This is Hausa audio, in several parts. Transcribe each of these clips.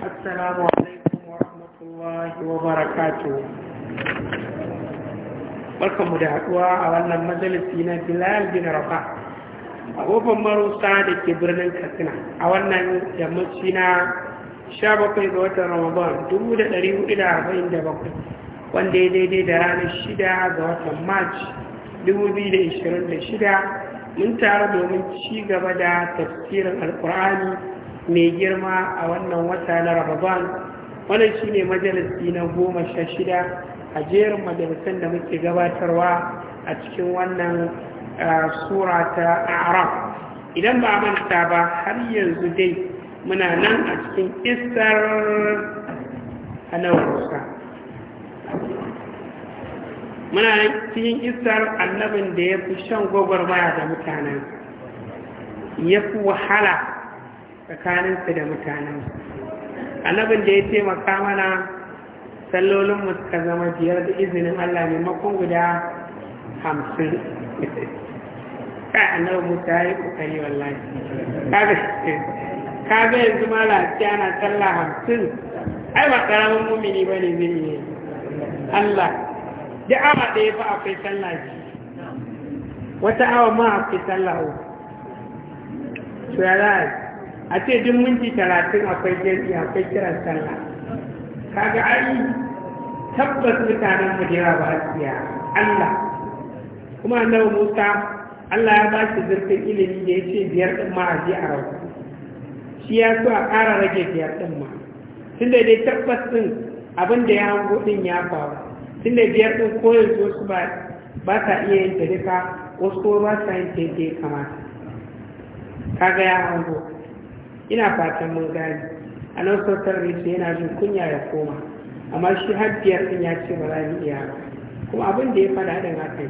السلام عليكم wa الله وبركاته barkanmu da haɗuwa a wannan majalisi na bilal bin rafa a kofar marusa da ke birnin katsina a wannan yammaci na 17 ga watan ramadan 1447 wanda ya daidai da ranar 6 ga watan da 2026 mun taru domin ci gaba da tafsirin Alƙur'ani. mai girma a wannan wata na ramadan wannan ne majalisi na goma sha shida a jerin majalisan da muke gabatarwa a cikin wannan sura ta arab idan ba manta ba har yanzu dai muna nan a cikin isar muna nan cikin isar annabin da ya fi shan gwagwarmaya da mutanen ya fi wahala tsakaninsu da mutanensu annabin da ya taimaka mana sallolinmu suka zama biyar da izinin allah maimakon guda hamsin kai annabin musa ya yi kokari wallahi ga yanzu ma lafiya na sallah hamsin ai ba karamin mumini ba ne zai yi allah da awa ɗaya fa akwai sallah ji wata awa ma akwai sallah uku to ya za a yi a ce duk minti talatin akwai jami'i akwai kiran sallah kaga ai tabbas mutanen mu da ba asiya Allah kuma annabi Musa Allah ya ba shi zurfin ilimi da ya ce biyar din ma a ji a rauku shi ya so a ƙara rage biyar din ma tunda dai tabbas din abin da ya hango din ya faru tunda biyar din koyar su wasu ba ta iya yin ta duka wasu ko ba sa yin ta kamata kaga ya hango ina fatan mun gani a nan sautar rishi yana jin kunya ya koma amma shi har biyar ɗin ya ce ba za ni iya kuma abin da ya fada haɗin haka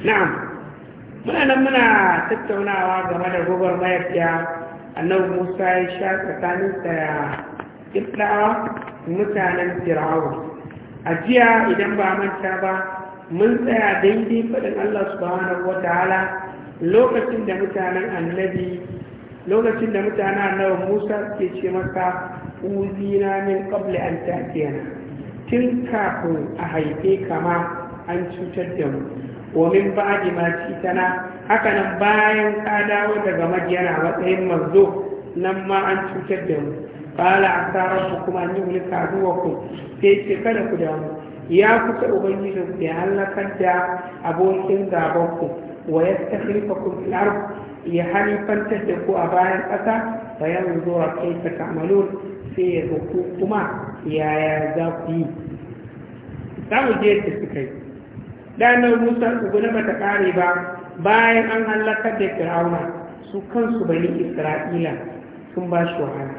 na'am muna nan muna tattaunawa game da gobar mayafiya annabi musa ya sha sa ya ƙirɗawa mutanen firawa a jiya idan ba manta ba mun tsaya daidai faɗin allah subhanahu wa ta'ala lokacin da mutanen annabi lokacin da mutane nawa Musa ke ce maka uzina min qabli an ta'tiyana tun kafin a haife kama an cutar da mu wa min ba'di ma titana haka nan bayan ka dawo daga madiyana a matsayin mazo nan ma an cutar da mu qala asarafu kuma an kaduwa ku. sai ce kada ku damu ya kusa ubangijinku ya halakar da abokin gabanku wa yastakhlifakum fil ardh ya halifantar da ku a bayan ƙasa bayan zuwa kai ta kamalon sai ya ga kuma yaya za ku yi za mu je da su kai ɗanar musa ugu na bata ƙare ba bayan an hallakar da fir'auna su kansu bani isra'ila sun ba shi wahala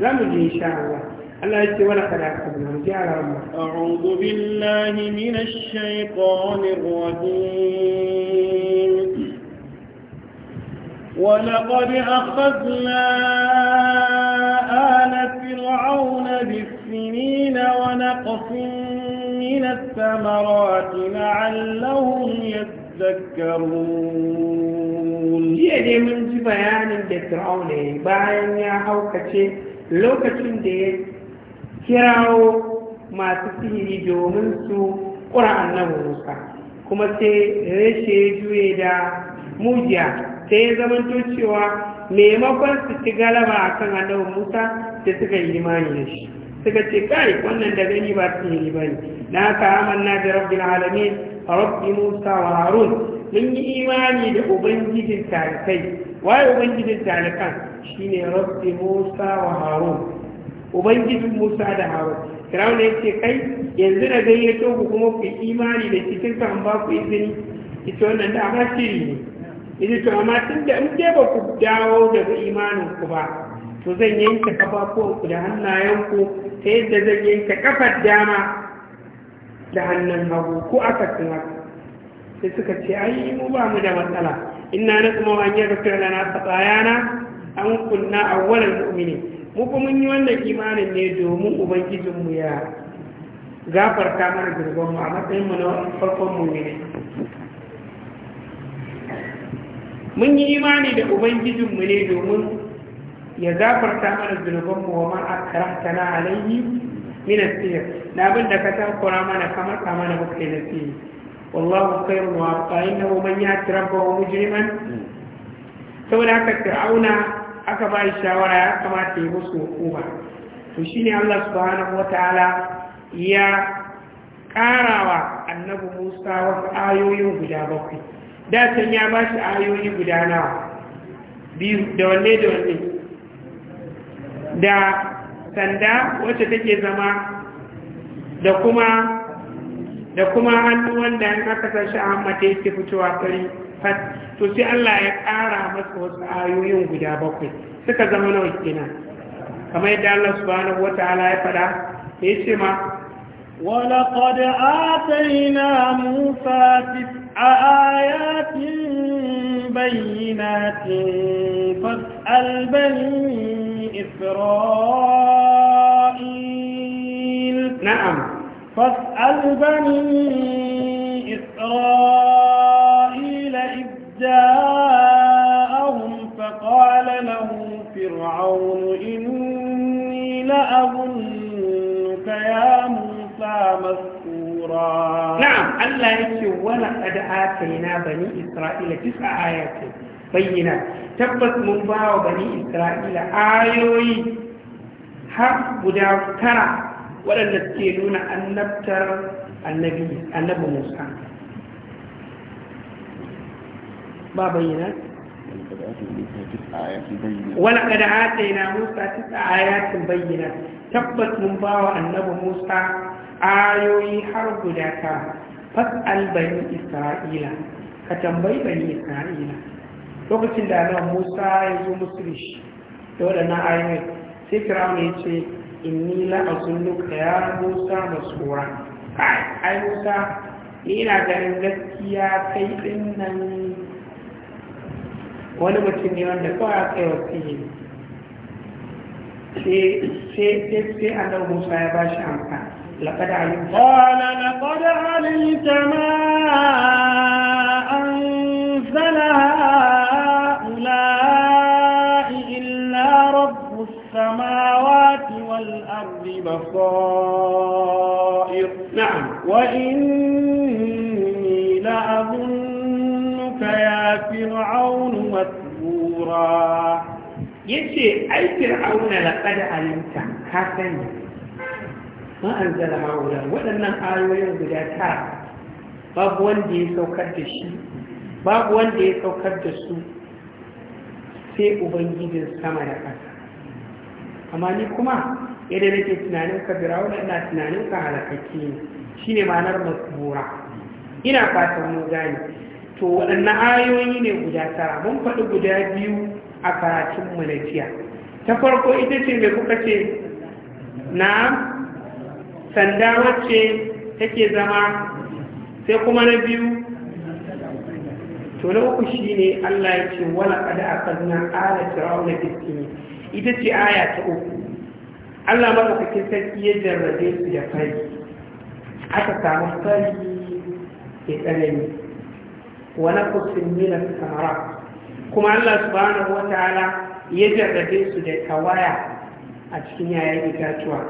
za mu je sha Allah Allah ya ce wala kada ka mu ji alamu a'udhu billahi minash shaitanir rajim ولقد أخذنا آل فرعون بالسنين ونقص من الثمرات لعلهم يذكرون يدي من ji bayanin da Fir'aun ya bayan ya haukace lokacin da ya kirawo masu sihiri domin su ƙura annabi Musa kuma sai reshe ya juye da mujiya sai ya zama cewa maimakon su ci galaba a kan annabin musa sai suka yi imani da shi suka ce kai wannan da gani ba su yi ba ne na haka amanna da rabbi alamin rabbi musa wa harun mun yi imani da ubangijin tarikai waye ubangijin tarikan shine rabbi musa wa harun ubangijin musa da harun firawun ya ce kai yanzu da gayyato ku kuma ku imani da cikin kan ba ku izini ita wannan da amma shiri ne idi to amma tun da in dai ba ku dawo daga imanin ku ba to zan yanke kafafuwanku da hannayenku ta yadda zan yanke kafar dama da hannun hagu ko aka tuna sai suka ce ai mu ba mu da matsala inna na kuma an yi rufin lana tsayana an kunna awwalan mu'mini mu kuma mun yi wannan imanin ne domin ubangijinmu ya gafarta mana girbinmu a matsayin mu na farkon mu'mini mun yi imani da ubangijinmu ne domin ya zafarta mana zunubanmu wa man akramta na alayhi min asir da abin da ka kura mana kamar kama mana muka yi nasihi wallahu khairun wa abqa innahu man yati rabbahu mujriman saboda haka fir'auna aka ba shawara ya kamata ya musu hukuma to shine Allah subhanahu Ta'ala ya karawa annabi Musa wasu ayoyin guda bakwai datan ya ba shi ayoyi guda biyu da wanne da wanne da sanda wacce take zama da kuma da kuma hannu wanda ya aka sashi a hammata yake fitowa fari to sai Allah ya ƙara masa wasu ayoyin guda bakwai suka zama nawa kenan kamar yadda Allah subhanahu wataala ya faɗa ya ce ma ولقد آتينا موسى تسع آيات بينات فاسأل بني إسرائيل نعم فاسأل بني إسرائيل إذ جاءهم فقال له فرعون إني لأظنك يا موسى Na’am, Allah yake wani ad’a kai na bani Isra’ila tisa aya bayyana, tabbas mun ba wa Isra’ila ayoyi har guda tara waɗanda ke nuna annabtar annabi Musa. Ba bayyana? Wani ad’a kai na Musa tisa aya bayyana, tabbas mun bawa wa annabi Musa ayoyi har guda ta fas'al bani isra'ila ka tambayi bani isra'ila lokacin da ana musa ya zo musulish da shi da waɗannan ayoyi sai firawun ya ce inni la azunnuka ya musa masura ai musa ni ina ganin gaskiya kai ɗin nan wani mutum ne wanda kawai a kai wasu yi sai annabi musa ya ba shi amfani لقد علمت قال لقد علمت ما أنزل هؤلاء إلا رب السماوات والأرض بصائر نعم وإني لأظنك يا فرعون مثبورا يجي أي فرعون لقد علمت كافني ma an zala haula waɗannan ayoyin guda ta babu wanda ya saukar da shi babu wanda ya saukar da su sai ubangijin sama da ƙasa amma ni kuma yadda nake tunanin ka birawo da tunanin ka ne shine ma'anar masbura ina fatan mu gane to waɗannan ayoyi ne guda tara mun faɗi guda biyu a karatun mu na jiya ta farko ita ce mai kuka ce na sanda wacce take zama sai kuma na biyu to na uku ne Allah ya ce wala a aqadna ala fir'auna bisini ita ce aya ta uku Allah madaukakin sarki ya jarrabe su da fari aka samu fari ke tsanani wani kusur min al-thamarat kuma Allah su wata ala ya jarrabe su da tawaya a cikin yayin itatuwa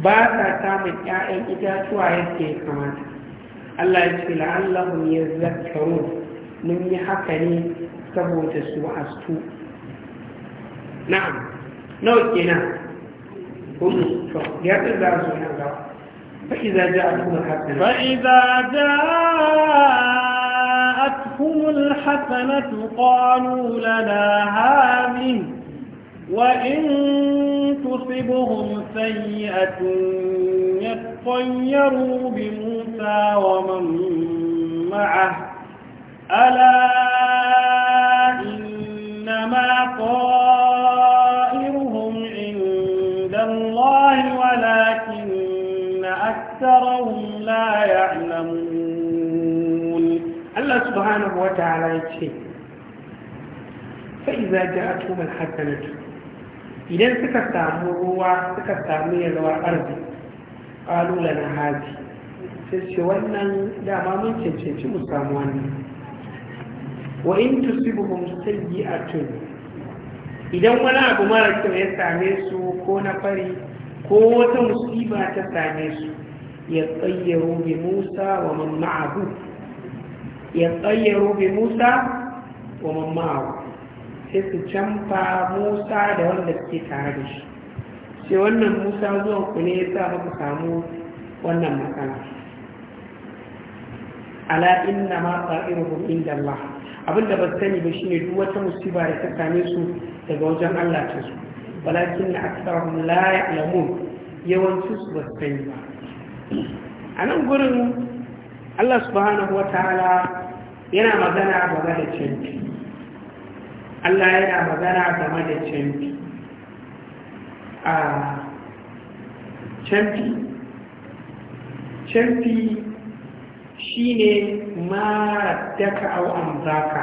ba sa samun 'ya'yan itatuwa yadda ya kamata Allah ya ce la'allahum yazakkarun mun yi haka ne saboda su astu na'am nawa kenan hum to ya tsada su nan gaba فإذا جاءتهم الحسنة فإذا جاءتهم الحسنة قالوا لنا هذه وإن تصبهم سيئة يطيروا بموسى ومن معه ألا إنما طائرهم عند الله ولكن أكثرهم لا يعلمون الله سبحانه وتعالى يتشهد فإذا جاءتهم الحسنة idan suka samu ruwa suka samu yalwa arziki ƙalula na haji sai ce wannan dama mun cancanci mu samu wannan wa in a tun idan wani abu mara kyau ya same su ko na fari ko wata musiba ta same su ya tsayyaro bi Musa wa man ya tsayyaro bi Musa wa sai su canfa musa da wanda suke tare da shi sai wannan musa zuwan ku ne ya sa muka samu wannan matsala ala inna ma ta'iruhum inda Allah abinda ba sani ba shine duk wata musiba da ta same su daga wajen Allah ta su walakin na la ya'lamun yawancin su ba sani ba a nan gurin Allah subhanahu wa ta'ala yana magana game da canji Allah yana magana game da canfi a canfi canfi shi ne mara daga au'an zaka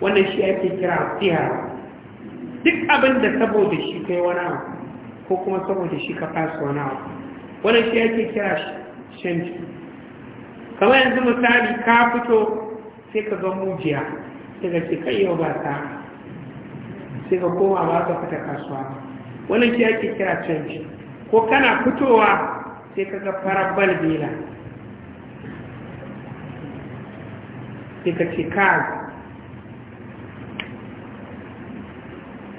wannan shi ake kira tsiyar duk abin da saboda shi kai wani ko kuma saboda shi ka fasu wani wanda shi ake kira canfi kamar yanzu misali ka fito sai ka ga mujiya daga ce yau ba ta sai ka koma ba ka fita kasuwa wannan shi ake kira canji ko kana fitowa sai ka ga fara balbela sai ka ce ka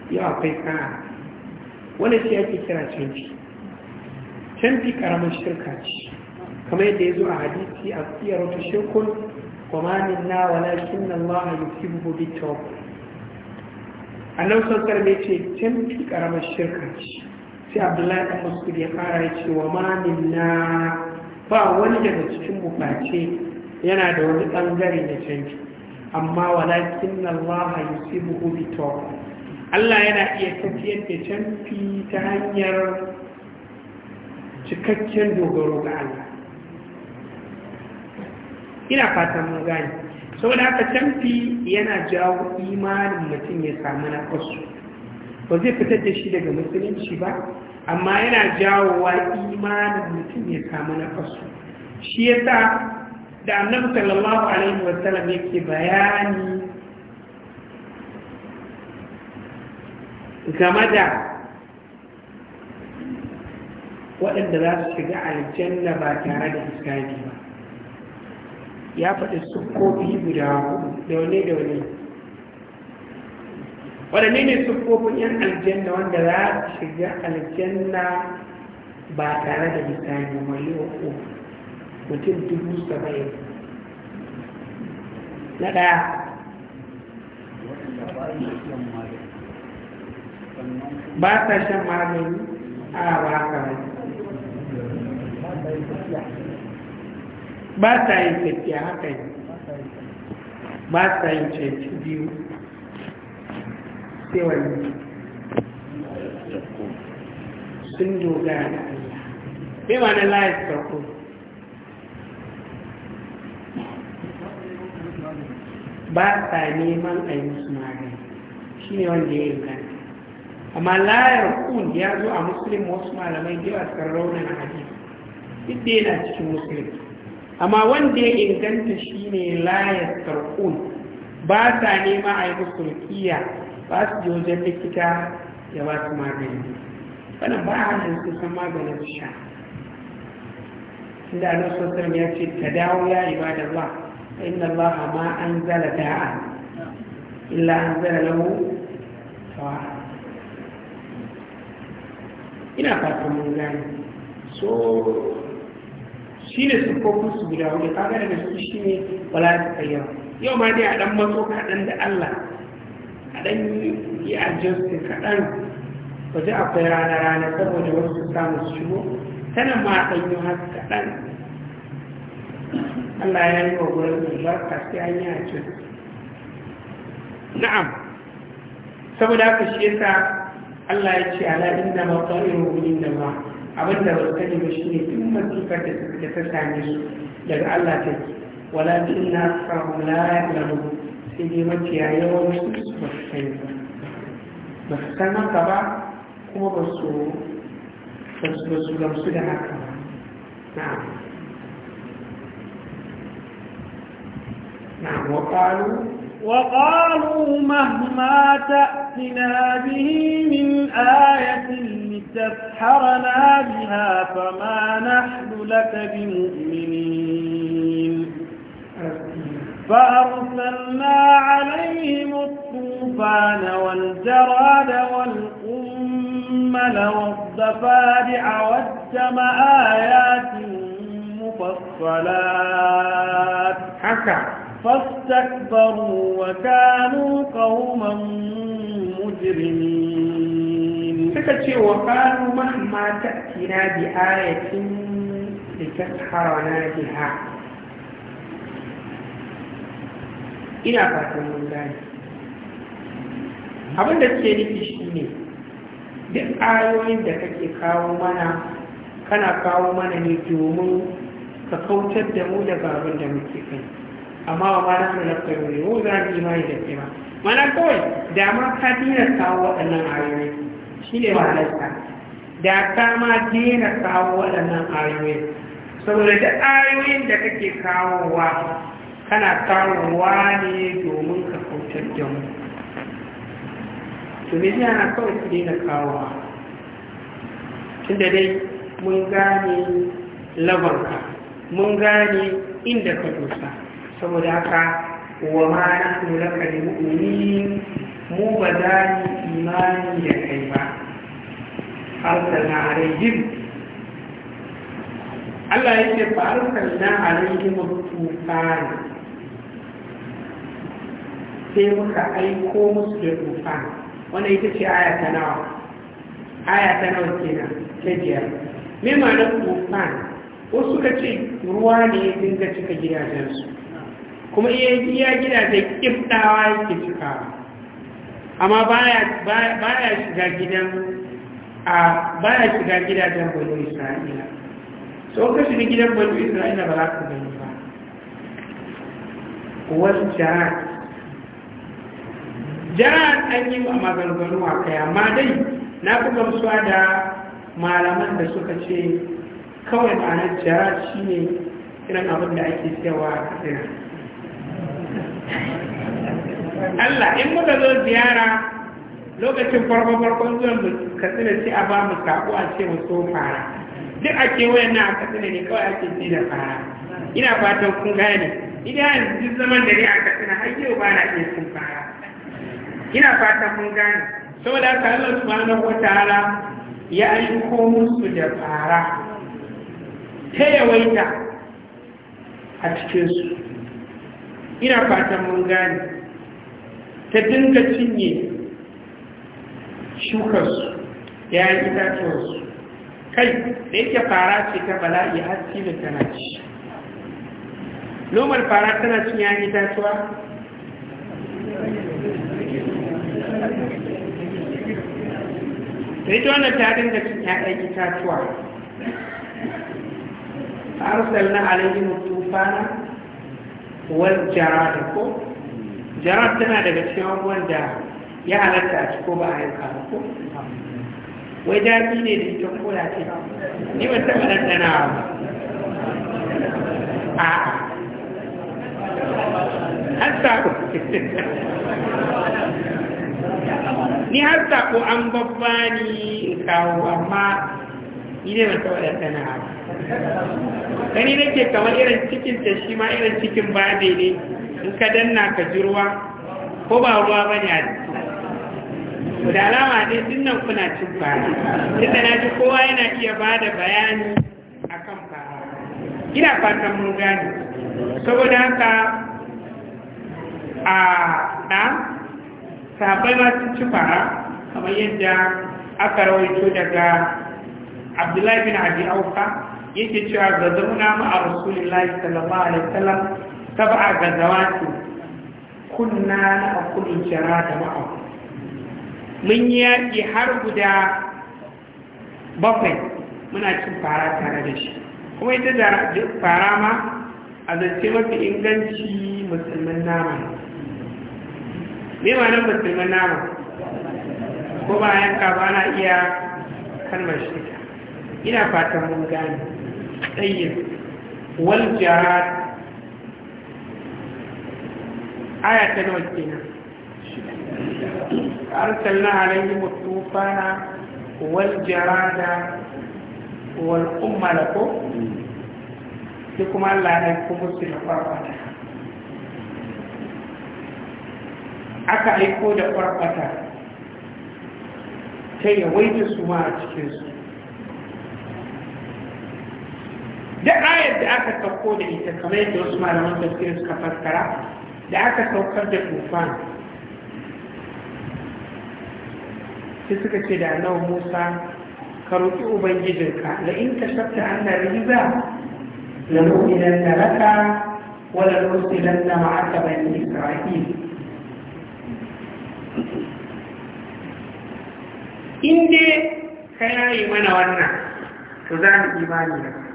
yau akwai kana wannan shi ake kira canji canji karamin shirka ce kamar yadda ya zo a hadisi a tsiyar wata shekul kwamanin na shi nan ma a yi kibu bi annan sassar ne ce canfi karamar shirka ce sai abdullahi ɗan masud ya fara ya ce wa mamin na ba wani daga cikin bukace yana da wani ɓangare na canfi amma walakin Allah ya ci buhu bito Allah yana iya tafiyar da canfi ta hanyar cikakken dogaro ga Allah ina fatan mun gani saboda haka canfi yana jawo imanin mutum ya samu na kwasu ba zai fitar da shi daga musulunci ba amma yana jawo wa imanin mutum ya samu na kwasu shi ya sa da annabu sallallahu alaihi wasallam yake bayani game da waɗanda za su shiga aljanna ba tare da iskari ba ya faɗi siffofi guda da wane da wane waɗanne ne siffofin yan aljanna wanda za a shiga aljanna ba tare da misali mai uku mutum dubu saba'in na ɗaya ba sa shan magani a ba ka ba sa yin tafiya haka ne ba sa yin canci biyu sai wani sun dogara da Allah bai ma na layar farko ba sa neman a yi musu magani shi ne wanda ya yi gani amma layar kun ya zo a musulun wasu malamai da yawa sun rauna na hadisi duk da yana cikin musulun amma wanda ya inganta shi ne layar tarkun ba sa nema a yi musulkiya ba su ji wajen likita ya ba su magani wannan ba a hannun su san maganin sha inda a nasu ya ce ta dawo ya yi ba inda a ma an zala da'a illa an zala lahu tawa ina fatan mun gani so shi ne kofin su guda hudu kaga daga su shi ne wala ta yawa yau ma dai a dan maso kaɗan da Allah a dan yi adjustin kaɗan waje akwai rana rana saboda wasu samu su shigo tana ma a ɗanyo haka kaɗan Allah ya yi wa gurin albarka sai an yi adjustin na'am saboda haka shi yasa Allah ya ce ala inda ma ta'iru da ma abin da ba sani ba ne duk masifar da ta same su daga Allah ta ke walakin na samu la ya'lamu sai dai mafiya yawan su ba su sai ba su san haka ba kuma ba su ba su gamsu da haka ba Na na wa وقالوا مهما تأتنا به من آية لتسحرنا بها فما نحن لك بمؤمنين فأرسلنا عليهم الطوفان والجراد والقمل والضفادع والدم آيات مفصلات حسنا فاستكبروا وكانوا قوما مجرمين سكتي وقالوا مهما تأتينا بآية لتسحرنا بها إلى fatan mun gane abin da ke nufi shi ne duk ayoyin da kake kawo mana kana kawo mana ne domin ka kautar da mu daga abin da muke kai amma wa ma nahnu ne mu za mu mai da kima mana kawai da ma ka dina kawo waɗannan ayoyi shi ne da ka ma dina kawo waɗannan ayoyi saboda da ayoyin da kake wa, kana kawowa ne domin ka kautar da mu to me yana na kawai su dina kawowa tunda dai mun gane labanka mun gane inda ka dosa saboda haka wa ma nahnu laka bimu'minin mu ba za ni imani da kai ba na alaihim Allah ya ce ba na fa ba alaihim tufana sai muka aiko musu da tufana wanda ita ce aya ta nawa aya ta nawa kenan ta biyar me na tufana wasu suka ce ruwa ne ya dinga cika gidajensu kuma iya gina da ƙiftawa yake cikawa amma baya shiga gidan a baya shiga gidajen banu isra'ila so ka shiga gidan banu isra'ila ba za ka gani ba wasu jihar jihar an yi wa maganganu a kai amma dai na fi gamsuwa da malaman da suka ce kawai ma'anar jihar shi ne irin abin da ake cewa a katsina Allah in muka zo ziyara lokacin farko farkon zuwan mu katsina ce a ba mu sako a ce mu so fara duk a wayan na a katsina ne kawai ake ci da fara ina fatan kun gane idan yanzu duk zaman da ni a katsina har yau ba na iya sun fara ina fatan mun gane saboda haka Allah subhanahu wataala ya aiko musu da fara ta yawaita a cikinsu ina fatan mun gane ta dinga cinye shukarsu yayin itatuwarsu kai da yake fara ce ta bala'i har ta tana ci lomar fara tana cin yayin itatuwa da ta wannan ta dinga cin yayin itatuwa arsalna alaihim tufana wal jarad ko jarad tana daga cikin abubuwan da ya halatta a ciko ba a yanka ba ko wai daɗi ne da ita ko ya ce ni ba taɓa ɗanɗana ba a har sako ni har sako an babba ni kawo amma ni ne ba taɓa ɗanɗana ba gani nake kamar irin cikin ta shi ma irin cikin ba ne in ka danna ka ji ruwa ko ba ruwa ba ne a jiki da alama ne dinnan kuna cin bara inda na ji kowa yana iya ba da bayani a kan fara gina fatan mun gane saboda haka a na sabai masu ci fara kamar yadda aka rawaito daga abdullahi bin abi auka yake cewa ga zauna ma a rasulullahi sallallahu alaihi wasallam tab'a ga zawati kunna na akulin jara da ma'a mun yi yaƙi har guda bakwai muna cin fara tare da shi kuma ita da fara ma a zance mafi inganci musulman nama ne ma nan musulman nama ko ba yanka ba na iya kalmar shi ina fatan mun gane tsayin waljara aya ta nawa kenan arsalna alayhi mutufana wal jarada wal umma lako sai kuma Allah ya musu da farfata aka aiko da farfata ta yawaita su ma a cikinsu. duk ayar da aka sauko da ita kamar yadda wasu malaman tafsir suka fassara da aka saukar da tufan sai suka ce da annabi Musa ka roƙi ubangijinka la in ka shafta annar riza la nu'minan laka wa la nursilanna ma'aka bani isra'il in dai ka yayi mana wannan to za mu imani da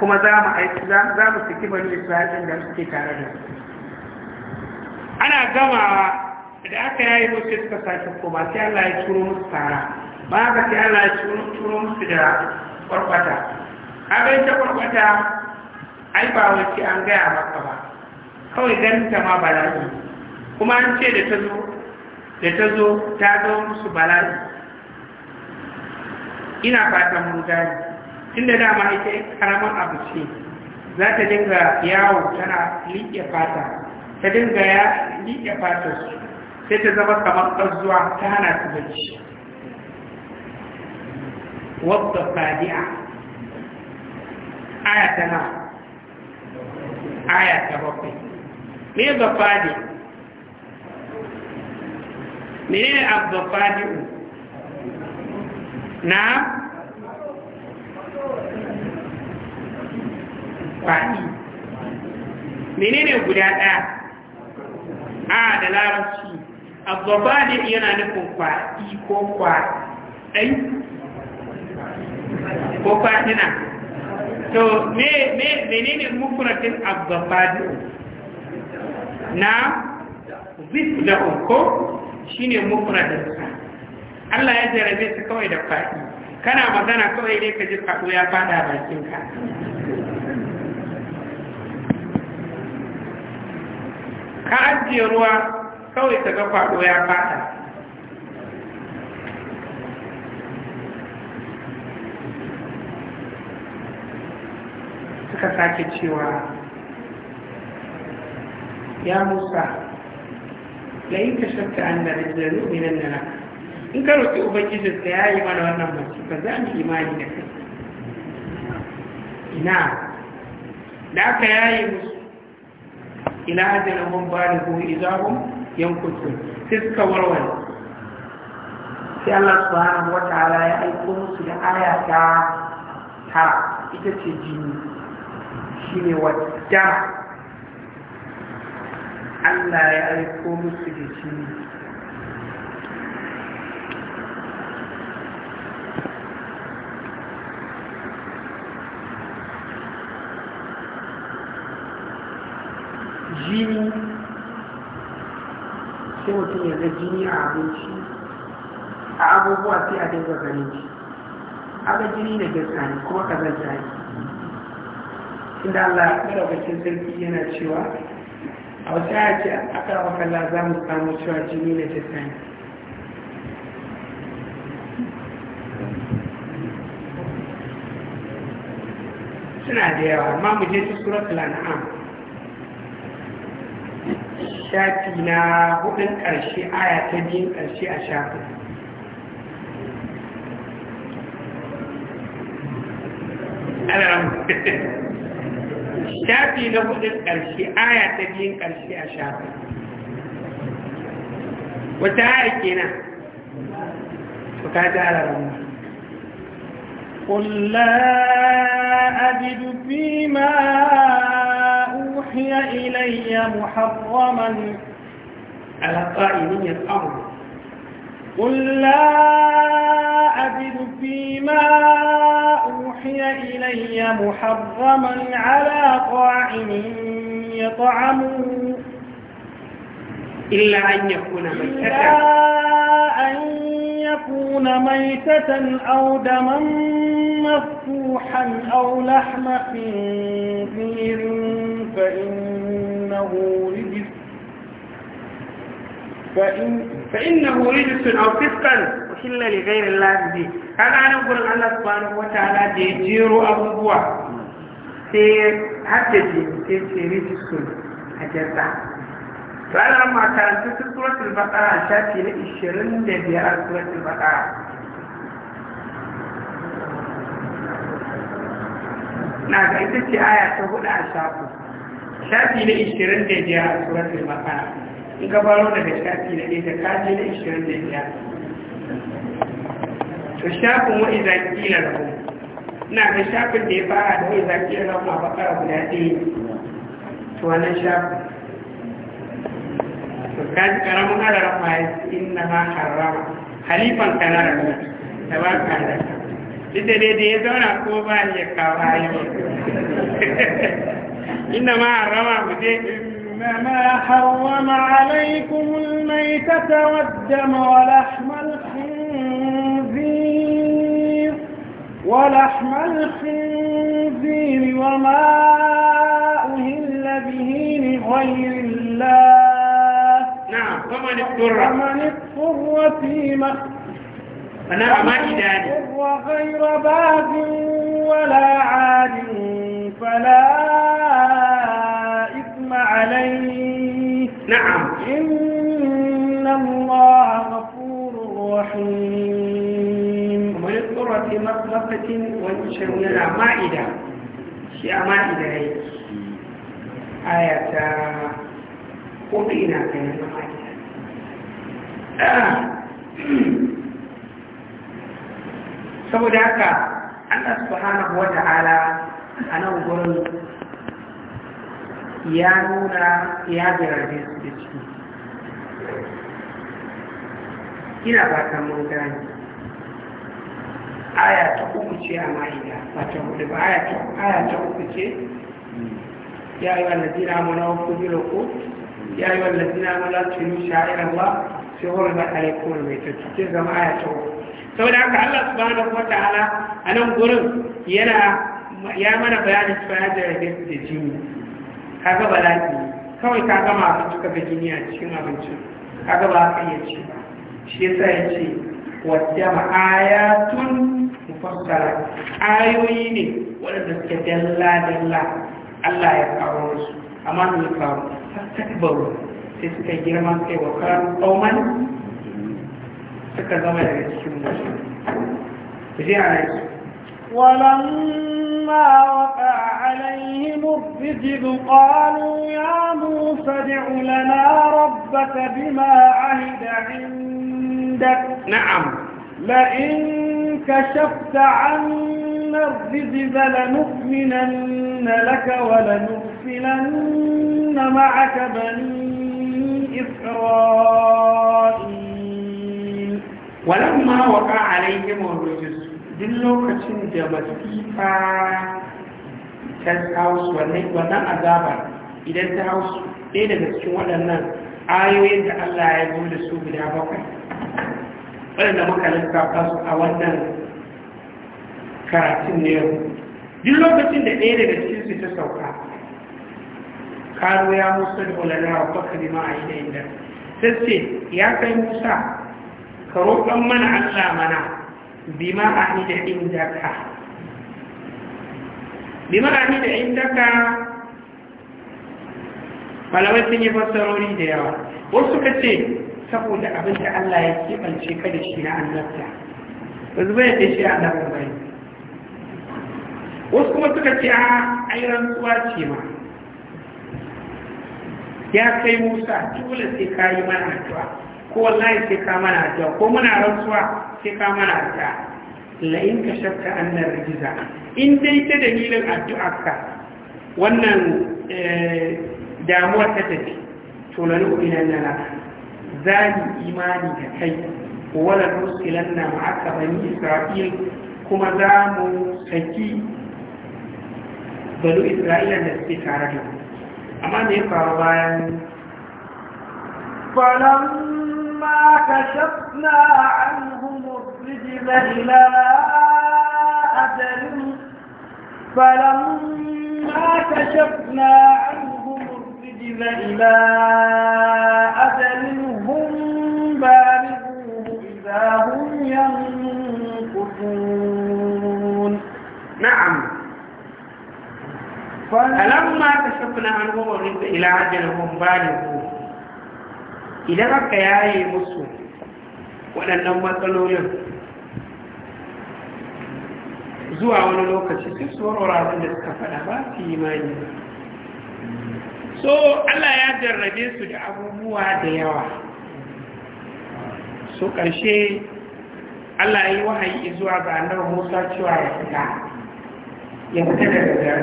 kuma za mu aiki za mu bari da isra'ilin da suke tare da su ana gamawa da aka yayi mace suka sake koma sai Allah ya turo musu tara ba ka sai Allah ya turo musu da kwarkwata abin ta kwarkwata ai ba wace an gaya maka ba kawai dan ta ma bala'i kuma an ce da ta zo da ta zo ta zo musu bala'i ina fatan mun gani inda dama ita karamar abu ce za ta dinga yawo tana liƙe fata ta dinga ya liƙe fatar su sai ta zama kamar ƙazuwa ta hana su da shi. wadda fadiya aya ta na aya ta bakwai me ga fadi mene ne abu fadi? na faɗi menene guda ɗaya a da larabci abubadin yana nufin faɗi ko faɗai ko na to menene mufuratin abubadin na zidda ko shine mufradinsa Allah ya jarabe su kawai da faɗi kana magana kawai dai ka ji faɗo ya faɗa bakinka ka ajiye ruwa kawai ta ga faɗo ya faɗa suka sake cewa ya musa layin ka shakka an da rijiyaru minan da naka in ka roƙi ubangijin ka ya yi mana wannan mace ba za mu imani da kai ina da aka yayi musu ila ajalahum balighu idahum yankutun Fiska warware sai Allah subhanahu wataala ya aiko musu da aya ta tara ita ce jini shine wadda Allah ya aiko musu da jini sai mutum ya ga jini a abinci a abubuwa sai a dinga ganin shi aga jini da gaska ne kuma ka zanta ne inda Allah madaukakin sarki yana cewa a wata ya ce a karawa kalla za mu samu cewa jini da gaska ne suna da yawa amma mu je su surat shafi na hudun ƙarshe aya ta biyun ƙarshe a shafi shafi na hudun ƙarshe aya ta biyun ƙarshe a shafi wata su ka ji alamun قل لا أوحي إلي محرما على قائمين الأمر قل لا أجد فيما أوحي إلي محرما على قائم يطعمه إلا أن يكون ميتة أن يكون ميتة أو دما مفتوحا أو لحم خنزير فإنه رجس فإن فإنه رجس أو فسقا أحل لغير الله دي هذا أنا أقول الله سبحانه وتعالى يجير أبوه sai في sai ce rijisun a jaza ranar makarantun su suratul bakara shafi na 25 a suratul na ga ita ce aya ta hudu a shafin. shafi na 25 a suratul baqara in ka faro daga shafi na 1 ka je na 25 to shafin wa idza qila lahu ina ga shafin da ya fara da wa idza qila lahu a baqara guda ɗaya to wannan shafin to kaji karamin halarar ma ya inna ma harama halifan kanarar da da ba ka da duk da dai da ya zauna ko ba ya kawo ayyuka إنما حرم إنما حرم عليكم الميتة والدم ولحم الخنزير ولحم الخنزير وما أهل به لغير الله نعم ومن اضطر ومن اضطر في أنا ما وغير باغ ولا عاد فلا نعم إن الله غفور رحيم ومن اضطر في مخلفة ونشرنا مائدة شيء مائدة هي آية قبينا كان مائدة آه. saboda haka Allah subhanahu wa ta'ala a nan gurin ya nuna ya jirage ke ciki ina ba mun gani aya ta uku ce a ma'ida ba hudu ba aya ta uku ce ya yi wallazi na mana wakku biro ko ya yi wallazi na mana tuni sha'irar ba sai horar ba kare kowar mai tattuke zama aya ta uku saboda haka allah subhanahu wa ta'ala a nan gurin yana ya mana bayanin tsaya da jini kaga bala'i kawai ka gama abinci cika ga jini a cikin abincin ka ga ba ka iya ci ba shi yasa ya ce wadda ma'ayatun mufassara ayoyi ne waɗanda suke dalla dalla Allah ya kawo su amma ne kawo fastakbaru sai suka girman kai wa karan kauman suka zama daga cikin mutum. Ku je a Walan وقع عليهم الرجل قالوا يا موسى ادع لنا ربك بما عهد عندك نعم لئن كشفت عنا الرجب لنؤمنن لك ولنرسلن معك بني إسرائيل ولما وقع عليهم الرجز duk lokacin da masifa ta hausu wannan azabar idan ta hausu ɗaya daga cikin waɗannan ayoyin da Allah ya zo da su guda bakwai waɗanda muka lissafa su a wannan karatun ne. yau duk lokacin da ɗaya daga cikin su ta sauka karo ya musa da ulana wa baka ma a inda inda sai ya kai musa ka roƙon mana Allah mana bima ahida indaka bima ahida indaka malamai sun yi fassarori da yawa wasu ka ce saboda abin da Allah ya kebance ka da shi na annabta ba zuba ya ke shi annabta ba wasu kuma suka ce a ayran tsuwa ce ma ya kai musa dole sai ka yi mana tuwa ko wallahi sai ka mana ta ko muna rantsuwa sai ka mana ta la in ka shakka annar rijiza in dai ta dalilin addu'arka wannan eh, damuwar ta tafi to la nu'mina lana za mu imani da kai wala nursilanna ma'aka bani isra'il kuma za mu saki banu isra'ila da suke tare da amma me ya faru bayan فلما كشفنا عنهم الرجل إلى أجل فلما كشفنا عنهم الرجل إلى أجل هم بالغوه إذا هم ينقصون نعم فلما كشفنا عنهم الرجل إلى أجل هم بالغوه idan aka yaye musu waɗannan matsalolin zuwa wani lokaci su su abin da suka faɗa ba su yi mani so Allah ya jarrabe su da abubuwa da yawa so ƙarshe Allah ya yi wahayi zuwa ga annabi Musa cewa ya fita ya fita daga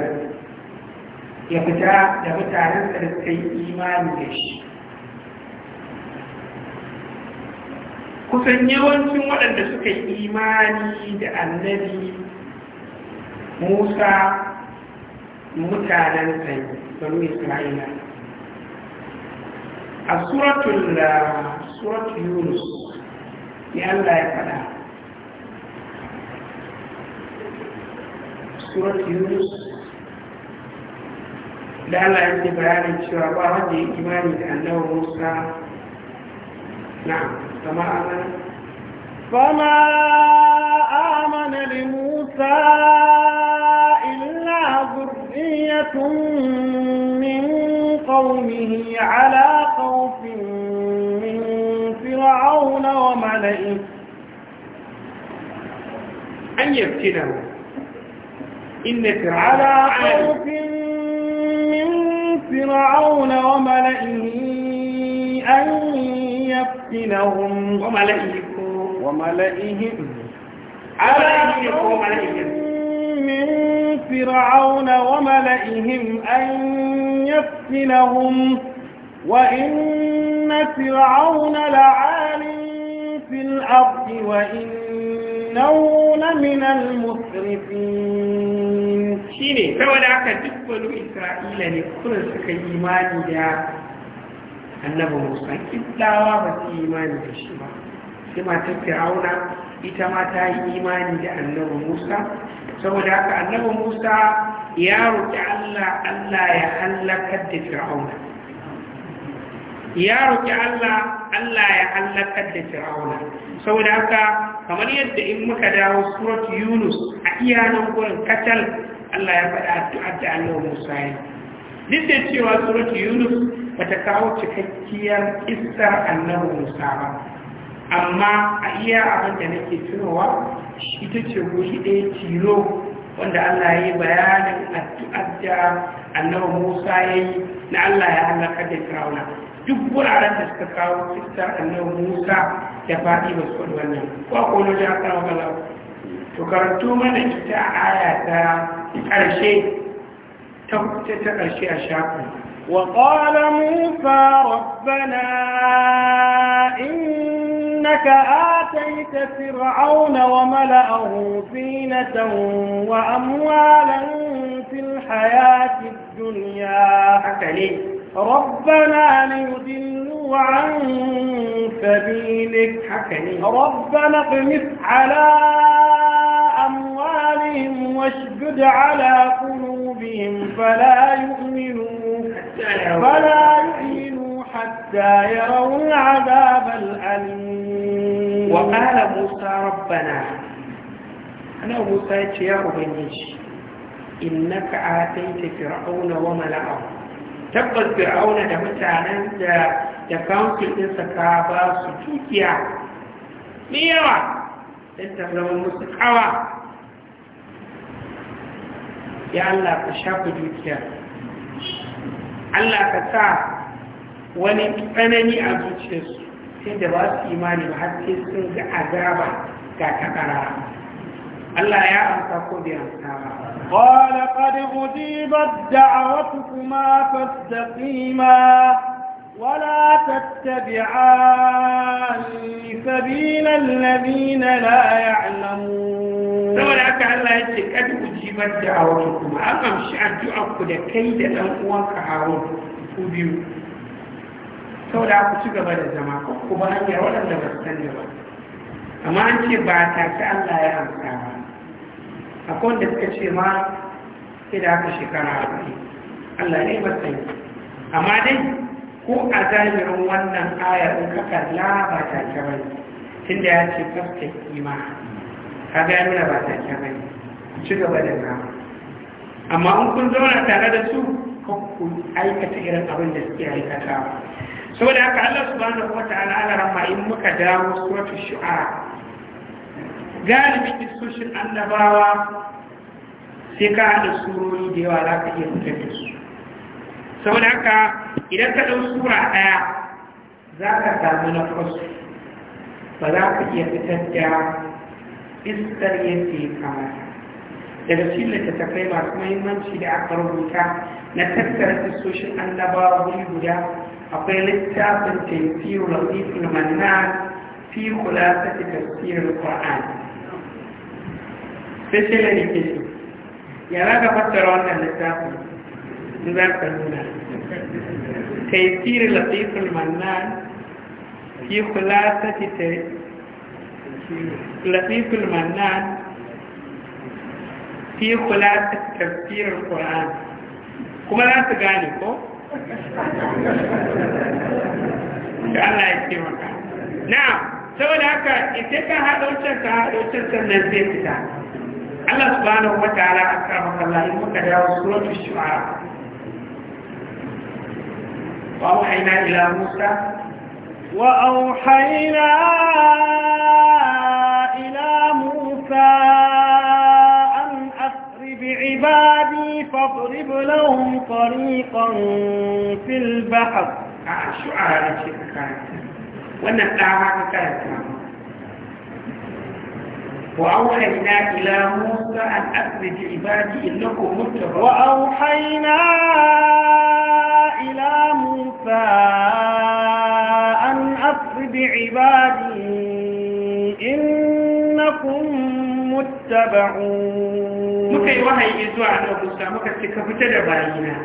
ya fita da mutanen da suka yi imani da shi kusan yawancin waɗanda suka yi imani da annabi musa mutanen sai banu isra'ila a suratun da uh, suratun yunus ya Allah ya faɗa suratun yunus da Allah ya ce bayanin cewa ba wanda ya imani da annabi musa نعم فما آمن فما آمن لموسى إلا ذرية من قومه على خوف من فرعون وملئه أن يبتلوا إن فرعون على خوف من فرعون وملئه أن ليفتنهم وملئهم وملئهم وملئهم من فرعون وملئهم أن يفتنهم وإن فرعون لعال في الأرض وإنه لمن المسرفين شيني فولا أكا إسرائيل لكل سكيماني annabin musa kiddawa ba su yi imani da shi ba sai ta fir'auna ita ma ta yi imani da annabin musa saboda haka annabin musa ya roƙi allah allah ya hallakar da fir'auna ya roƙi allah allah ya hallakar da fir'auna saboda haka kamar yadda in muka dawo surat yunus a iyanan gurin katal allah ya faɗa addu'ar da annabin musa ya duk da cewa surat yunus bata kawo cikakkiyar istar annabi musa ba amma a iya abin da nake tunowa ita ce guri ɗaya tilo wanda allah ya yi bayanin addu'ar da annabi musa ya yi na allah ya halaka da firauna duk wuraren da suka kawo istar annabi musa da faɗi ba su wannan ko ko na ja kawo wala to karatu mana ita aya ta karshe ta ƙarshe a shafin وقال موسى ربنا إنك آتيت فرعون وملأه زينة وأموالا في الحياة الدنيا ربنا ليضلوا عن سبيلك ربنا اغمس على أموالهم واشدد على قلوبهم فلا يؤمنون فلا يؤمنوا حتى يروا العذاب الأليم وقال موسى ربنا أنا موسى يا ربنيش إنك آتيت فرعون وملأه تبقى فرعون ده مثلا أنت ده كان في الانسكابة سجوكيا ميرا انت لو المستقوى يا الله تشاف جوكيا Allah ka sa wani tsanani a zuciyarsu sai da ba su imani ba har sai sun ga azaba ga takara Allah ya amsa ko bai amsa ba قال قد أجيبت دعوتكما فاستقيما ولا تتبعان سبيل الذين لا يعلمون saboda haka Allah ya ce kad ujibat da'awatukum an amshi addu'ar ku da kai da dan uwanka ku biyu saboda ku ci gaba da zama ku ba hanyar waɗanda ba su san da ba amma an ce ba ta ci Allah ya amsa ba akwai wanda suka ce ma sai da haka shekara a Allah ne ba sani amma dai ko a zahirin wannan ayar in ka kalla ba ta ke bane tun da ya ce fasta kima ka ga yana ba ta ke bane ci gaba da na amma in kun zauna tare da su ku aikata irin abin da suke ba. saboda haka Allah subhanahu wa ta'ala ala ramma in muka dawo suratu shu'ara galibin diskushin annabawa sai ka haɗa surori da yawa za ka iya fitar da su saboda haka idan ka ɗau sura ɗaya za ka damu na fasu ba za ka iya fitar da iskar yadda ya kamata daga cikin littattafai masu mahimmanci da aka rubuta na tattara isoshin annabawa wuri guda akwai littafin tafsir latifin mannan fi kula ta tafsirin qur'an sai sai ne ke ya Yana ka wannan littafin su za ka nuna taifir latifin mannan fi kulasati ta latifin mannan fi kulasati tafsirin ƙoran kuma za su gane ko? da Allah ya ce maka na'am saboda haka ita ka haɗo can ka haɗo can sannan zai fita Allah subhanahu wa ta'ala aka maka Allah in muka dawo suratul shu'ara وأوحينا إلى موسى وأوحينا إلى موسى أن أسر بعبادي فاضرب لهم طريقا في البحر آه، شعار آه، ونسعها كانت وأوحينا إلى موسى أن أسر بعبادي إنكم متبعون وأوحينا موسى أن أسر بعبادي إنكم متبعون muka yi wahayi zuwa Abuja muka ce da bayina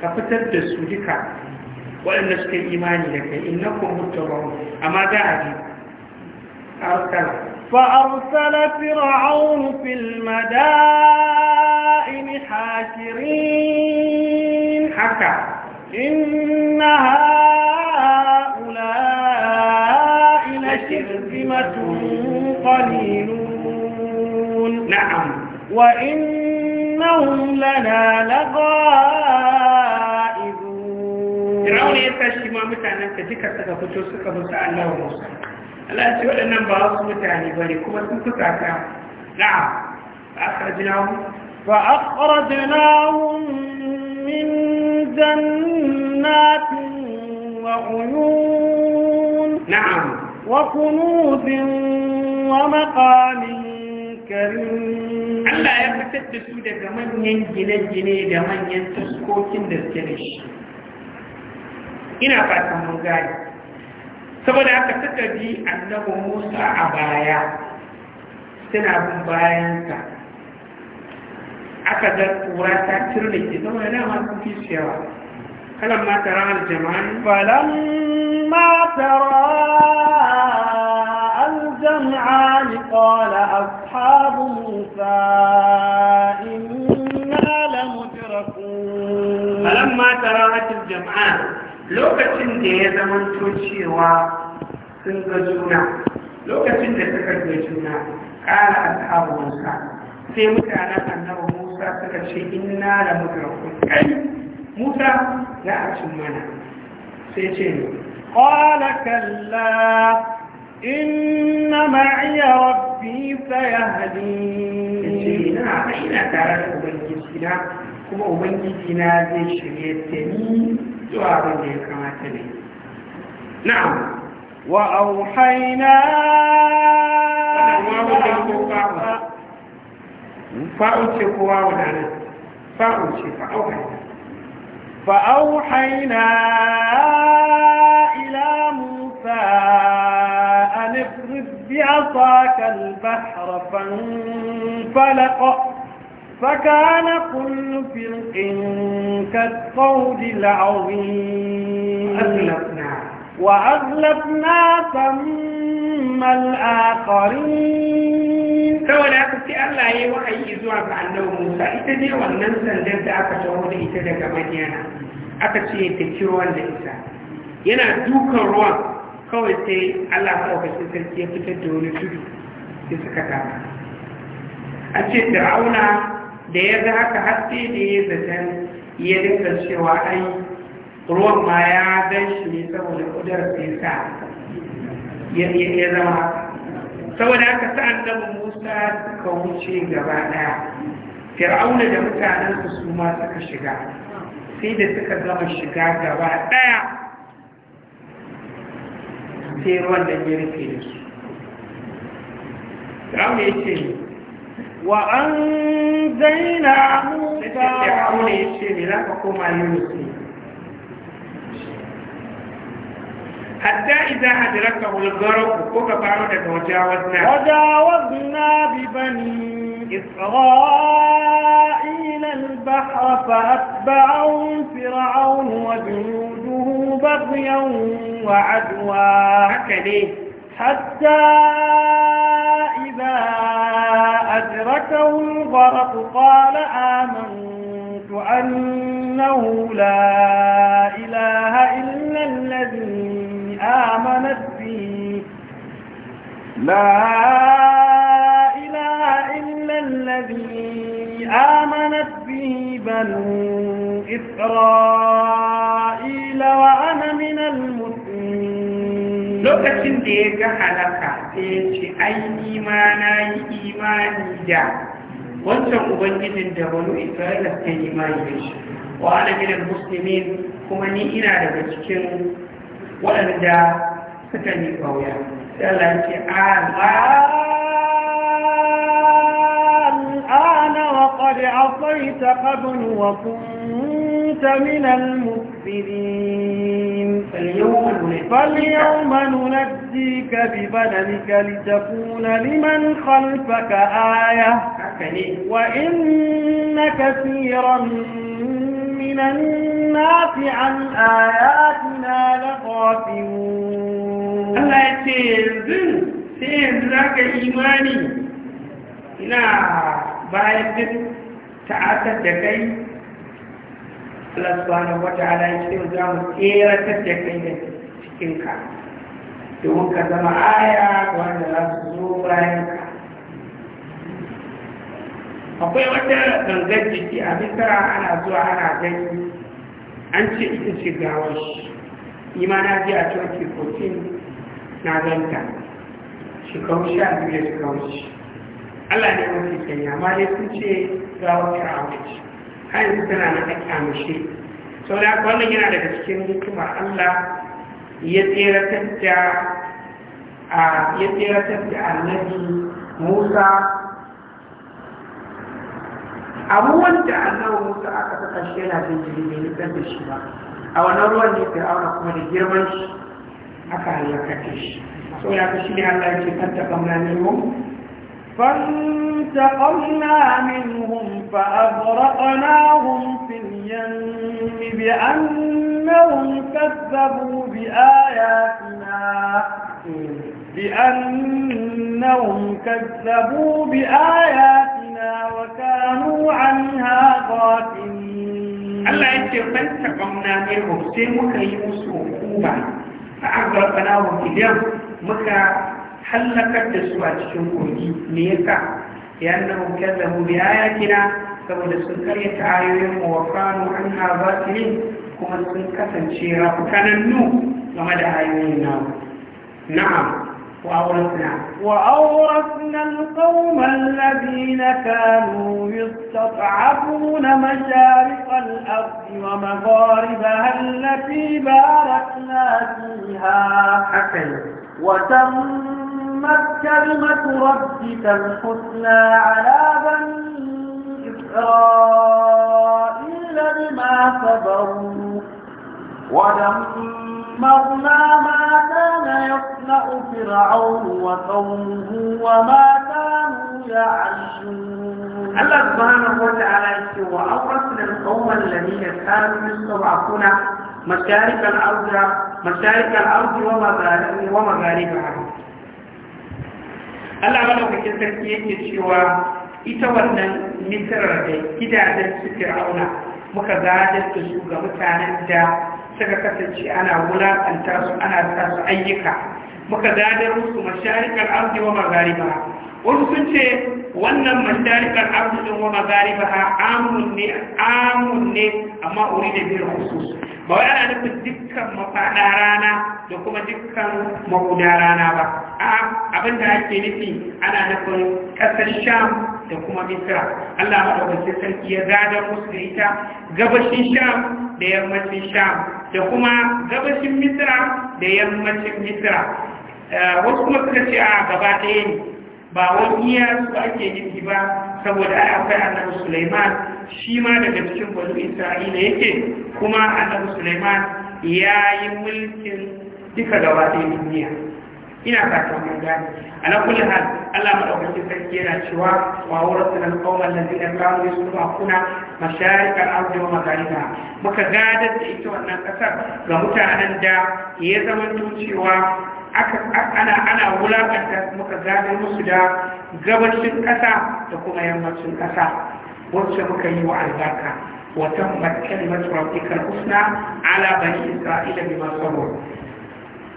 ka da su duka waɗanda suka imani da kai innakum muttaba'un amma za a bi arsala fa arsala fir'aun fil madain hashirin haka إن هؤلاء لشرذمة قليلون نعم وإنهم لنا لغائبون فرعون يتشي ما متعنا كذلك تكفت وسكة مساء الله ومساء الله سيقول أن نبعض متعني بلكم سنكتاك نعم فأخرجناهم فأخرجناهم من جنات وعيون نعم وكنوز ومقام كريم Allah ya fitar da su daga manyan gine-gine da manyan tuskokin da suke da shi. Ina fatan mun gari. Saboda aka suka bi annabin Musa a baya suna bin bayan ka aka ga kura ta cirnike zama yana masu fi su yawa فلما ترى الجمعان فلما ترى الجمعان قال أصحاب موسى إنا لمدركون فلما ترى الجمعان لوكتين دي زمن توشيوا سنجزونا لوكتين دي سكر جونا قال أصحاب موسى سيمتعنا أنه Musa suka ce inna da mudrakun kai Musa za a cin mana sai ce ne qala kalla ina ma'iya rabbi sayahdin ina ina tare da ubangiji na kuma ubangiji na zai shirye ta ni zuwa abin da ya kamata ne na'am wa auhayna wa auhayna نعم. فأوحينا إلى موسى أن افرد بعصاك البحر فانفلق فكان كل فرق كالصود العظيم أسلقنا وأغلقنا ثم الآخرين saboda haka sai Allah ya yi wa'ayi zuwa ga annabi Musa ita ne wannan sandar da aka taho da ita daga Madiyana aka ce ta ciro wanda ita yana dukan ruwan kawai sai Allah maɗaukacin sarki ya fitar da wani tudu sai suka kama a ce Fir'auna da ya ga haka har sai da ya zaton ya dinka cewa ai ruwan ma ya gan shi ne saboda kudar sai sa ya ya zama saboda haka sa annabi Musa suka wuce gaba daya Fir'auna da mutanensa su ma suka shiga sai da suka gama shiga gaba daya sai ruwan da ya rufe da su Fir'auna ya ce وأنزلنا موسى فرعون يشير لك وكما يونس حتى إذا أدركه الغرق وكفرنا وجاوزنا وجاوزنا ببني إسرائيل البحر فأتبعهم فرعون وجنوده بغيا وعدوا حتى إذا أدركه الغرق قال آمنت أنه لا إله إلا الذي Amanattin La'aila, in lallabi amanattin banu, Isra'ila wa aminalmu ni. Lokacin da ya ga halaƙa, ya ce, yi imani da wancan ubangijin da wano Isra'ilastanima ya yi. Ko ana gidan musni ne kuma ni ina da gajeru." waɗanda suka yi ƙauya Allah ce الآن وقد عصيت قبل وكنت من المفسدين فاليوم ننجيك ببدنك لتكون لمن خلفك آية وإن كثيرا من الناس عن آيات Allah ya ce لخاسرون الله يتنزل سيزرك إيماني ina bayan duk ta'atar da kai Allah subhanahu wata'ala ya ce za mu tseratar da kai da cikinka domin ka zama aya wanda za su zo bayan ka akwai wata gangar jiki a misira ana zuwa ana gani an ce ita ce gawar shi imana ji a 2014 na zanta. shekaru sha biyu da suka wuce allah ne mafi sani amma dai sun ce za a wuce a wuce har yanzu tana na ake amushe sau da wannan yana daga cikin hikimar allah ya tseratar da ya tseratar annabi musa abubuwan da annabi musa aka saka shi yana jin jirgin da shi ba a wannan ruwan ne fir'auna kuma da girman shi aka halakake shi so ya ka shi ne Allah ya ce kan taɓamna minhum فانتقمنا منهم فأغرقناهم في اليم بأنهم كذبوا بآياتنا بأنهم كذبوا بآياتنا وكانوا عنها غافلين Allah ya ce ban taɓamna minhum sai muka yi musu hukuma a aghraqna wa idan muka hallakar da su a cikin kogi me yasa ya mu biya ya gina saboda sun karyata ayoyin mu an kanu anha kuma sun kasance rafukanannu game da ayoyin na'am وأورثنا وأورثنا القوم الذين كانوا يستطعبون مشارق الأرض ومغاربها التي باركنا فيها حسنا وتمت كلمة ربك الحسنى على بني إسرائيل بما صبروا ولم دمرنا ما كان يصنع فرعون وقومه وما كانوا يعيشون الله سبحانه وتعالى يقول وأورثنا القوم الذين كانوا يستضعفون مشارق الأرض مشارق الأرض ومغاربها Allah madaukakin sarki yake cewa ita wannan mitirar da gidajen su fir'auna muka gadar da su ga mutanen da suka kasance ana wulaƙanta su ana sa su ayyuka muka zada musu masharikar arzi wa magariba wasu sun ce wannan masharikar arzi wa magariba amun ne amun ne amma uri da biyar husus ba wai ana nufin dukkan mafaɗa rana da kuma dukkan maguda rana ba a abinda ake nufi ana nufin ƙasar sham da kuma misra Allah maɗaukacin sarki ya gada musu da ita gabashin sham da yammacin sham da kuma gabashin misira da yammacin mitra eh, wasu kuma suka ce a gaba ɗaya ne ba wani iya su ake yi ba saboda a akwai annabi Sulaiman shi ma daga cikin wasu Isra'ila yake kuma annabi Sulaiman ya yi mulkin duka gaba ɗaya duniya ina fatan mun gane ala kulli hal Allah madaukakin sarki yana cewa wa warasul alqawma alladhina kanu yasma'una masharik al-ardi wa magharibiha muka gadar da ita wannan kasar ga mutanen da ya zama cewa ana ana wulakanta muka gadar musu da gabashin kasa da kuma yammacin kasa wacce muka yi wa albarka wa tammat kalimatu rabbikal husna ala bani isra'ila bima sabaru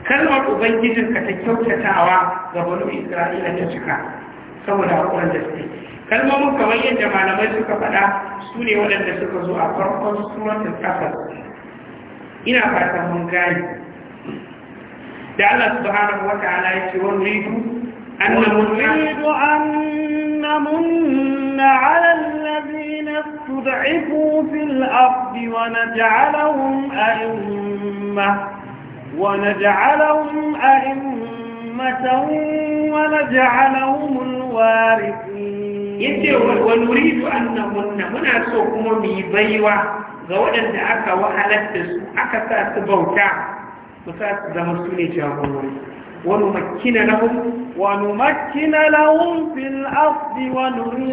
kalmar ubangijin ka ta kyautatawa ga banu isra'ila ta cika saboda hakuran da suke kalmomin kamar yadda malamai suka faɗa su ne waɗanda suka zo a farkon suratul kafar ina fata mun gani da Allah subhanahu wa ta'ala ya ce wani ridu an نمن على الذين استضعفوا في الأرض ونجعلهم أئمة ونجعلهم أئمة ونجعلهم الوارثين ونريد أنهن هنا سوكم بيبيوة ga waɗanda aka wahalar da su aka sa su bauta su sa su zama su ne jagorori wani makina wani na fil afdi wani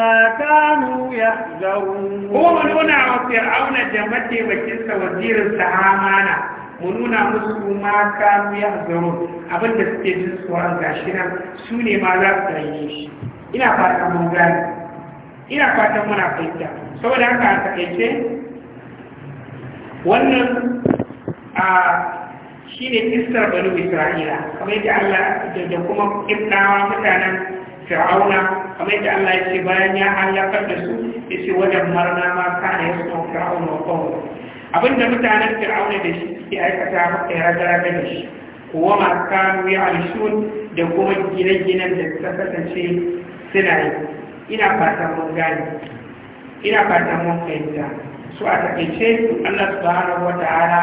ما كانوا يحذرون هو منونا وفرعون جمتي بكنسا suke jin tsoron gashi nan su ne ma za su rayu shi ina fata mun gani ina fata muna fahimta saboda haka a takaice wannan a shi ne istar banu isra'ila kamar yadda allah da kuma ibnawa mutanen fir'auna kamar yadda Allah ya ce bayan ya halakar da su ya ce wajen marna ma kana ya suna fir'auna kawai abinda mutanen fir'auna da shi ke aikata maka ya raga da shi kuwa ma kanu ya alishun da kuma gine-ginen da suka kasance suna yi ina fatan mun gani ina fatan mun fahimta su a takaice Allah subhanahu wa ta'ala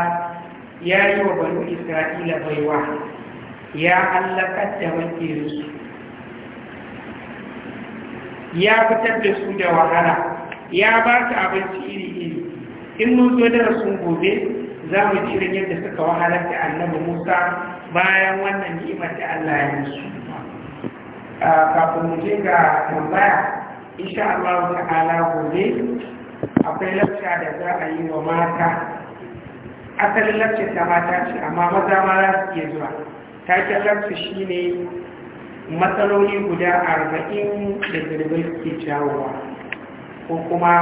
ya yi wa bani Isra'ila baiwa ya halakar da wakilin su ya fitar da su da wahala ya ba su abinci iri-iri in mun zo darasin gobe za mu ji irin yadda suka wahalar da annabi musa bayan wannan ni'imar da allah ya musu kafin mu je ga tambaya insha Allah ta'ala gobe akwai lafiya da za a yi wa mata asalin lafiya ta mata ce amma maza ma za su iya zuwa taken shi ne. matsaloli guda arba'in da zunubai ke jawowa ko kuma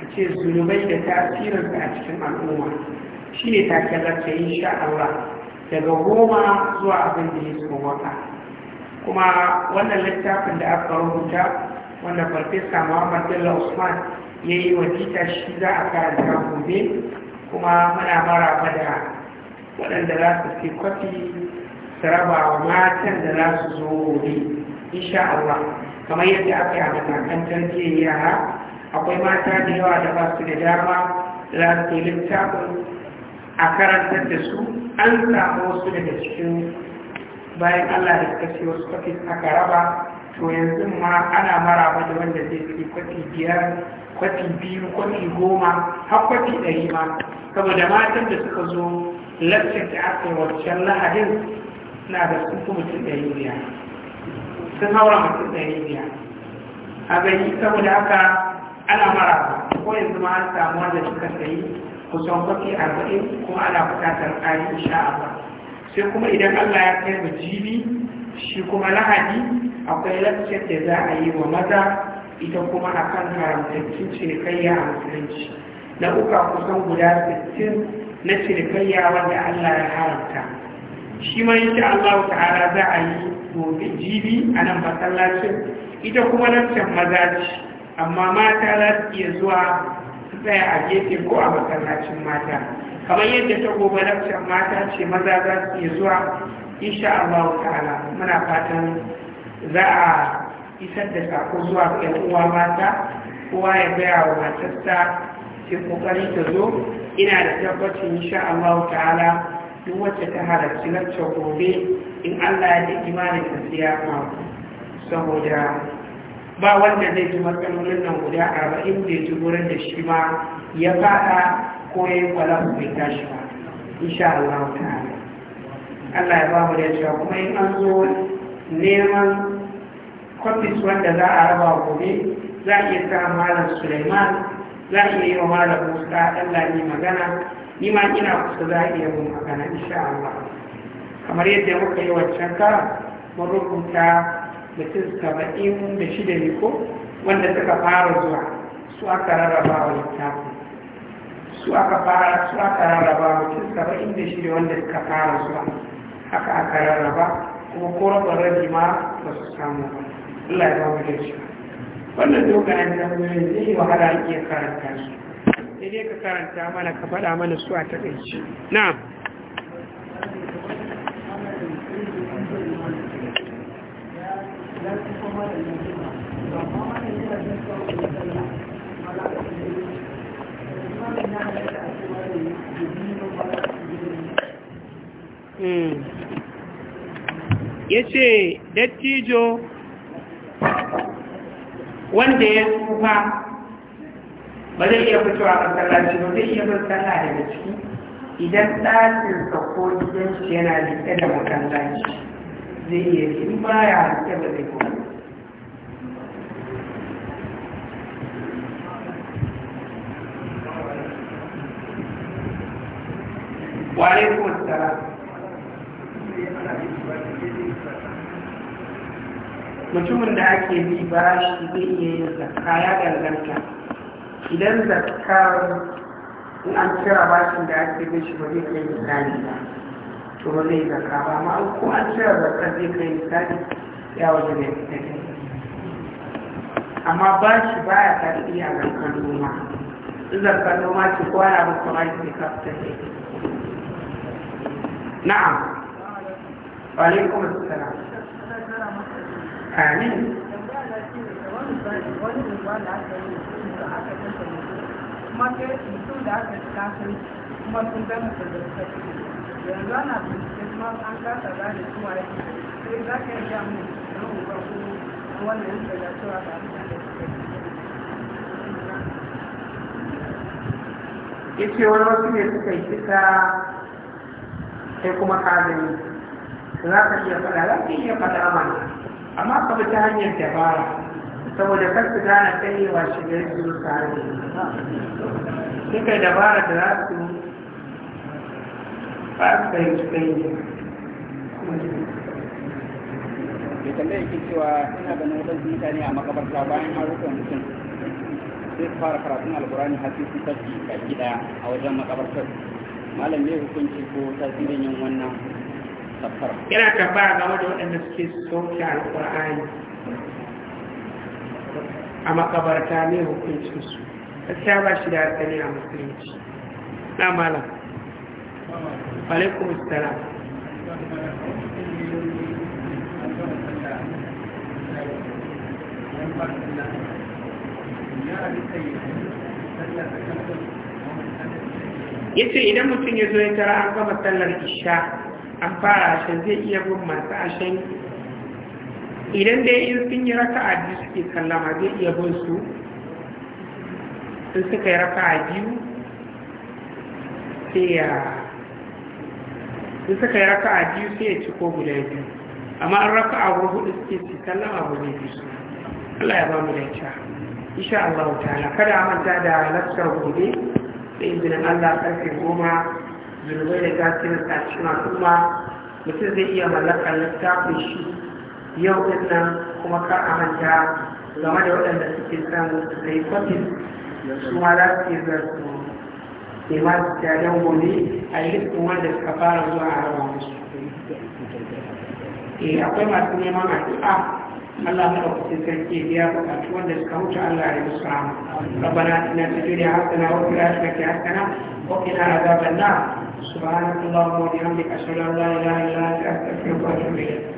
a ce zunubai da tasirinsa a cikin al'umma shi ne take zarce insha Allah daga goma zuwa abin da ya so wata. kuma wannan littafin da aka rubuta wanda farfesa muhammad bello usman ya yi wa shi za a karanta gobe kuma muna mara da waɗanda za su fi kwafi ta raba wa matan da za su zo gobe insha Allah kamar yadda aka yi a matakan tarbiyyar yara akwai mata da yawa da ba su da dama za su yi littafin a karantar da su an samu wasu daga cikin bayan Allah da kashe wasu kafin aka raba to yanzu ma ana maraba da wanda zai fi kwafi biyar kwafi biyu kwafi goma har kwafi ɗari ma saboda matan da suka zo lakcin da aka yi wancan lahadin na da sun kuma mutum sun haura mutum ɗari biyar a gani saboda haka ana mara ko yanzu ma an samu wanda suka sayi kusan kwafi arba'in kuma ana buƙatar ƙari insha Allah sai kuma idan Allah ya kai mu jibi shi kuma lahadi akwai lakcin da za a yi wa maza ita kuma a kan haramtattun cinikayya a musulunci na uka kusan guda sittin na cinikayya wanda Allah ya haramta shi ma yake Allah ta'ala za a yi gobe jibi a nan masallacin ita kuma lantar maza ce amma mata za su iya zuwa su tsaya a gefe ko a masallacin mata kamar yadda ta gobe lantar mata ce maza za su iya zuwa insha Allah ta'ala muna fatan za a isar da sako zuwa ga uwa mata kowa ya gaya wa matarsa ke kokari ta zo ina da tabbacin insha Allah ta'ala duk wacce ta halarci na gobe in Allah ya ji imanin ta siya saboda ba wanda zai ji matsalolin nan guda arba'in da ya ji wurin da shi ma ya fada ko ya yi kwalam bai tashi ba insha Allah ta'ala Allah ya ba mu da cewa kuma in an zo neman kwafis wanda za a raba gobe za a iya sa malam Suleiman za a iya yi wa malam Musa Allah ne magana ni ma ina kusa za a iya bin haka na insha Allah kamar yadda muka yi waccan ka, mun da mutum saba'in da shida ne ko wanda suka fara zuwa su aka rarraba wa littafin su aka fara su aka rarraba mutum saba'in da shida wanda suka fara zuwa haka aka rarraba kuma ko raba rabi ma ba su samu ba Allah ya ba mu da shi wannan dogayen tambayoyin zai yi wahala iya karanta su sai ka karanta mana ka faɗa mana su a taƙaice na hmm. ya ce dattijo wanda ya tsufa ba zai iya fitowa masallaci ba zai iya bin daga ciki idan ɗakinsa ko gidan shi yana riƙe da masallaci zai iya in ya riƙe ba zai kuma وعليكم السلام mutumin da ake bi ba shi zai iya yin zakka ya danganta idan zakka in an cira bashin da ake bin shi ba kai misali ba to ba zai zaka ba amma ko an cira zakka zai kai misali ya waje ne amma bashi baya karfi a zakkan noma zakkan noma ce kowa ya muku bashi ne kafin na'am wa alaikum assalam amin wani da aka yi kuma sai mutum da aka ci kafin kuma sun gama yanzu ana bincike kuma an kasa gane zuwa yake sai eh, za ka ko wannan cewa ba ya ce wasu ne suka yi kisa sai kuma ka za ka iya faɗa za ka iya faɗa mana amma ka bi ta hanyar dabara saboda kar su gane kai wa shi gari su tare da shi kai dabara da za su ba su kai su kai ne tambaye ke cewa ina ganin wadansu mutane a makabarta bayan an rufe mutum sai su fara karatun alkurani har sai su tafi baki daya a wajen makabartar malam ne hukunci ko tasirin yin wannan tafsar ina tambaya game da waɗanda suke sauke alkurani a makabarta ne hukuncin su gaskiya ba shi da asali a musulunci na malam alaikum salam ya ce idan mutum ya zo ya tara an gama sallar isha an fara ashen zai iya bin ta ashen idan dai in sun yi raka a biyu suke sallama zai iya bin su in suka yi a biyu sai ya in suka yi a biyu sai ya ci ko guda biyu amma an a wurin hudu suke su sallama ba zai biyu su Allah ya ba mu da ita insha Allah ta'ala kada a manta da lafsar gobe da izinin Allah karfe goma zulubai da gasirin a cikin al'umma mutum zai iya mallakar littafin shi yau din nan kuma ka a manta game da waɗanda suke san da yi kwafin su ma za su yi zuwa ne ma su yi gobe a yi listin wanda suka fara zuwa a rama musu E akwai masu neman a. Allah ta ɗauki sarki biya bukatu wanda suka mutu, Allah ya musu rahama rabbana atina ta dunya haskana, wa fil akhirati hasana wa qina adhaban nar subhanakallahumma wa bihamdika ashhadu an la ilaha illa anta astaghfiruka wa atubu ilayk